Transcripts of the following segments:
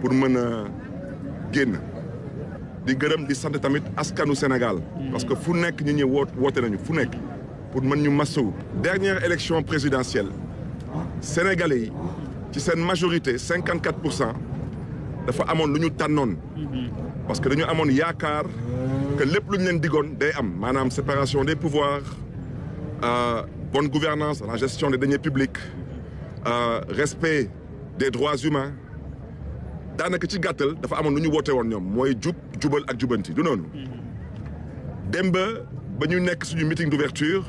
pour mën a di gërëm di sant tamit askanu Sénégal. Mm. parce que fu que ñu ñëw woté nañu fu nek pour mën ñu massou dernière élection présidentielle sénégalais qui ci une majorité 54 dafa amone luñu tannone mm-hmm. parce que dañu amone yaakaar que lepp plus jeunes leen digoon day am manam séparation des pouvoirs euh, bonne gouvernance la gestion des deniers publics euh, respect des droits humains. daanaka ci gàttal dafa amoon lu ñu woote woon ñoom mooy jub jubal ak jubanti du noonu. Mm-hmm. dem ba ba ñu nekk suñu meeting d'ouverture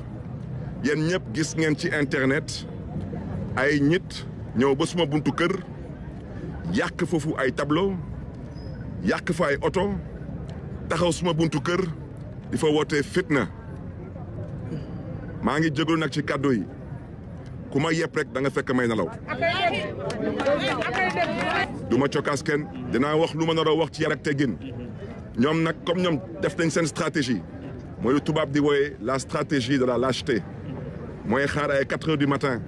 yéen ñëpp gis ngeen ci internet ay ñit ñëw ba suma buntu kër yàq foofu ay tablo yàq fa ay oto taxaw suma buntu kër di fa wootee fitna mm-hmm. maa ngi jégalu nag ci kàddu yi. ku yep rek da nga fekk may nelaw du ma cokkaas kenn wax luma na nar wax ci yarak ak teggin ñoom nag comme ñom def nañ sen stratégie moy lu tubaab di woyé la stratégie de la lâcheté moy xara ay 4h du matin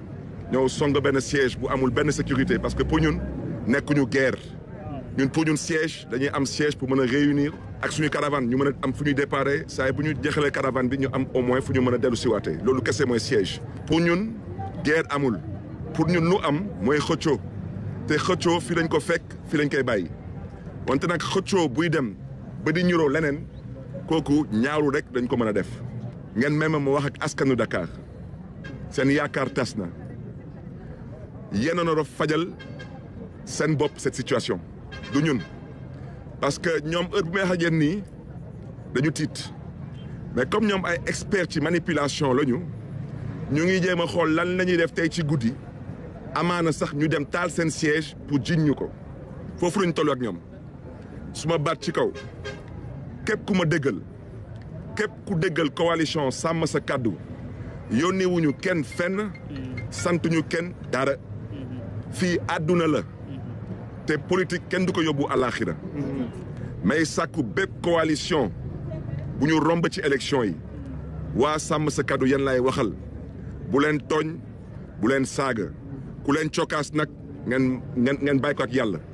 ñow song ben siège bu amul ben sécurité parce que pour ñun ñu guerre ñun pour ñun siège dañuy am siège pour mën réunir ak suñu caravane ñu mën am fuñu ñuy déparé saa yi bu ñu jeexalee caravane bi ñu am au moins fuñu ñu délu ci waté lolu loolu moy siège pour ñun guerre amul pour ñun lu am mooy xëccoo te xëccoo fi lañ ko fekk fi lañ koy bàyyi wante nag xëccoo buy dem ba di ñuroo leneen kooku ñaaru rek dañ ko mën a def ngeen même ma wax ak askanu Dakar seen yaakaar tas na yéen a a fajal seen bopp cette situation du ñun parce que ñoom heure bu may wax nii dañu tiit mais comme ñoom ay expert ci manipulation lañu ñu ngi jéem a xool lan la ñuy def tey ci guddi amaana sax ñu dem taal seen siège pour jiñ ñu ko foofu lañ toll ak ñoom su ma baat ci kaw képp ku ma déggal képp ku déggal coalition sàmm sa kàddu yónnee kenn fenn santuñu kenn dara fii àdduna la te politique kenn du ko yóbbu àlaaxira may sàkku bépp coalition bu ñu romb ci élection yi waa sàmm sa kàddu yan lay waxal bu len togn bu saga ku len nak ngen ngen bay ko ak yalla